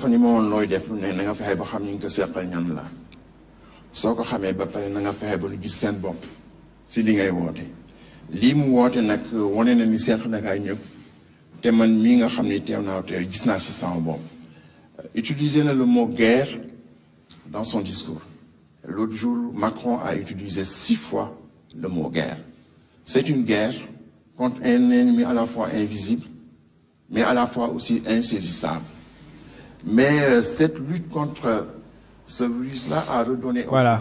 dafa ni ma woon looy def ne na nga fexe ba xam ñu ngi ko seqal ñan la soko ko ba pare na nga fexe ba lu gis seen bopp si li ngay woote li mu woote nak woné na ni seq na ay ñëpp té man mi nga xamni téw na naa gis na ci sama bop utiliser le mot guerre dans son discours l'autre jour Macron a utilisé six fois le mot guerre c'est une guerre contre un ennemi à la fois invisible mais à la fois aussi insaisissable mais euh, cette lutte contre euh, ce virus-là a redonné. voilà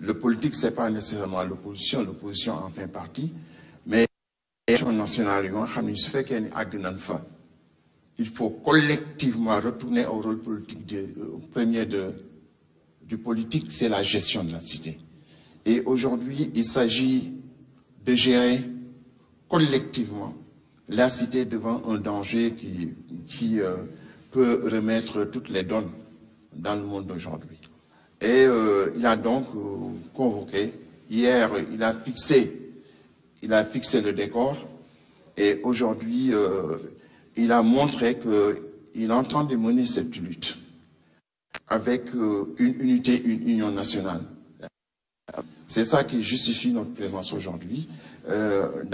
le politique c'est pas nécessairement l'opposition l'opposition en fait partie mais. nationale il faut collectivement retourner au rôle politique de euh, premier de du politique c'est la gestion de la cité et aujourd'hui il s'agit de gérer collectivement la cité devant un danger qui, qui euh, peut remettre toutes les donnes dans le monde d'aujourd'hui. Et euh, il a donc euh, convoqué, hier il a fixé, il a fixé le décor et aujourd'hui il a montré qu'il entend mener cette lutte avec une unité, une union nationale. C'est ça qui justifie notre présence aujourd'hui.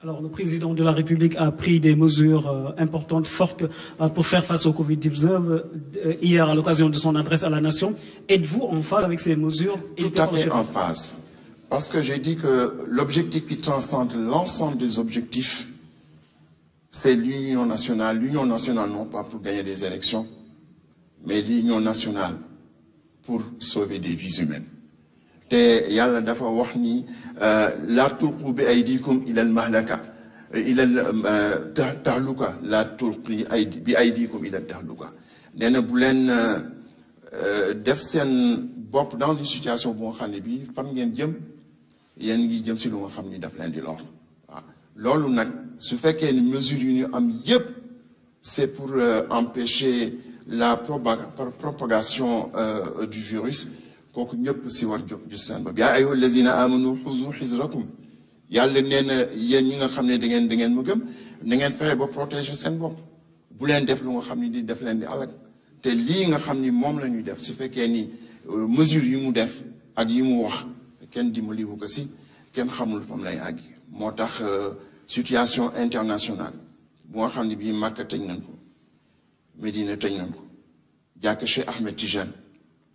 Alors, le président de la République a pris des mesures euh, importantes, fortes, euh, pour faire face au Covid-19 euh, hier à l'occasion de son adresse à la nation. Êtes-vous en phase avec ces mesures Tout à fait en phase. Parce que j'ai dit que l'objectif qui transcende l'ensemble des objectifs, c'est l'union nationale. L'union nationale, non pas pour gagner des élections, mais l'union nationale pour sauver des vies humaines te yalla dafa wax ni euh, la tulqu bi aydikum al mahlaka ila al euh, tahluka la tulqi ay bi aydikum al tahluka nee bu len euh, def sen bop dans une situation bo xam bi fam ngeen jëm yéen ngi jëm ci lu nga xam ni daf leen di lor waaw nak su fekke ni mesures yu ñu am yépp c'est pour empêcher la propagation du virus kooku ñëpp si war jóg ju sàmm yaa ayyuha allazina amanu xuzu xisrakum yàlla nee na yéen ñi nga xam ne da ngeen da ngeen ma gëm na ngeen fexe ba protéger seen bopp bu leen def lu nga xam ne di def leen di alag te lii nga xam ni moom la ñuy def su fekkee ni mesure yi mu def ak yi mu wax kenn dimbali wu ko si kenn xamul fam lay àgg moo tax situation internationale bu nga xam ne bii Màkka tëj nañ ko Medina tëj nañ ko jàkk Cheikh Ahmed Tijane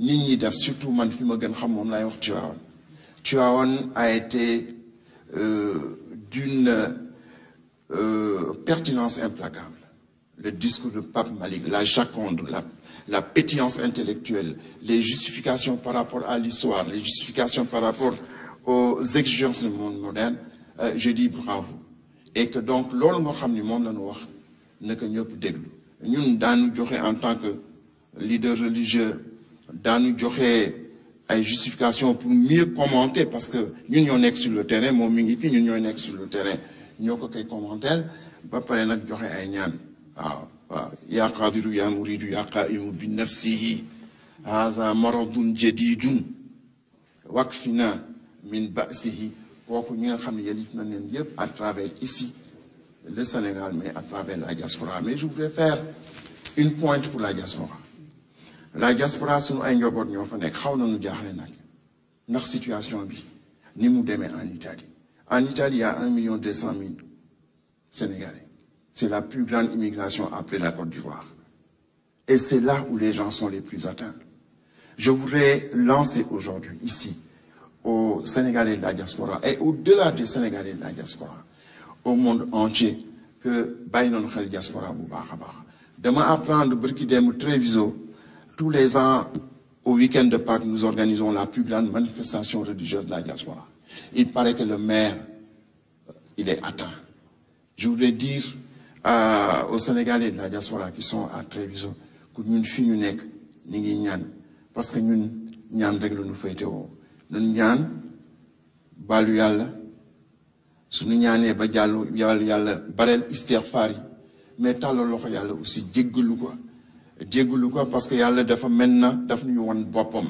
Nini surtout man fi ma a été euh, d'une euh, pertinence implacable le discours de Pape Malik la jaconde la la pétillance intellectuelle les justifications par rapport à l'histoire les justifications par rapport aux exigences du monde moderne euh, je dis bravo et que donc l'homme nga monde noir noir la Nous, en tant que leader religieux daanu joxe ay justification pour mieux commenter parce que ñun ñoo sur le terrain moom mi ngi ñun ñoy sur le terrain ñoko kay commenter ba paré nak joxé ay ñaan waaw waaw yaa y'a yaa muridu yaa qaimu bi nafsihi haza maradun jadidun wakfina min basihi kooku ñi nga xam yelif na leen yëpp à travers ici le Sénégal mais à travers la diaspora mais je voudrais faire une pointe pour la diaspora la diaspora sunu ay ñofa nek situation bi ni mu en Italie en Italie il y a 1,2 million de Sénégalais c'est la plus grande immigration après la Côte d'Ivoire et c'est là où les gens sont les plus atteints je voudrais lancer aujourd'hui ici aux Sénégalais de la diaspora et au-delà des Sénégalais de la diaspora au monde entier que nous avons xel diaspora bu baax baax dama apprendre dem très tous les ans, au week-end de Pâques, nous organisons la plus grande manifestation religieuse de la diaspora. Il paraît que le maire, euh, il est atteint. Je voudrais dire euh, aux Sénégalais de la diaspora qui sont à Tréviso que nous fi nek parce que nous sommes rek nous Nous ñun ñaan balu Nous suñu ñaané ba jallu yalla barel istighfar mais nous sommes aussi jéggalu parce que Yalla, dafa melna daf ñu won bopam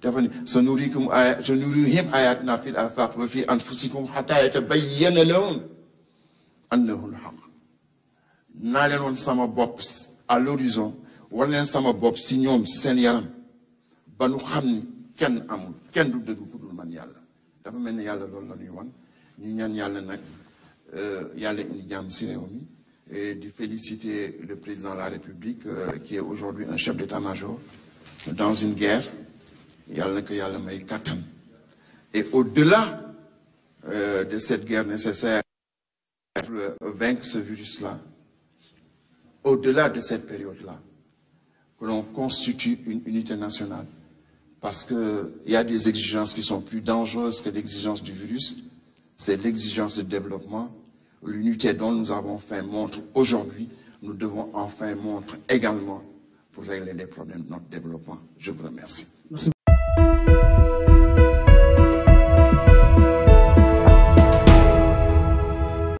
dafa ni sanurikum aya sa fil afaq wa fi anfusikum hatta yatabayyana lahum annahu sama à l'horizon war sama bop si ñom à yaram ba nu amul du man dafa la ñu et de féliciter le président de la République euh, qui est aujourd'hui un chef d'état-major dans une guerre. Yalla y yalla may ans. Et au-delà euh, de cette guerre nécessaire pour euh, vaincre ce virus-là, au-delà de cette période-là, que l'on constitue une unité nationale. Parce qu'il y a des exigences qui sont plus dangereuses que l'exigence du virus, c'est l'exigence de développement, l'unité dont nous avons fait montre aujourd'hui, nous devons enfin montrer également pour régler les problèmes de notre développement. Je vous remercie.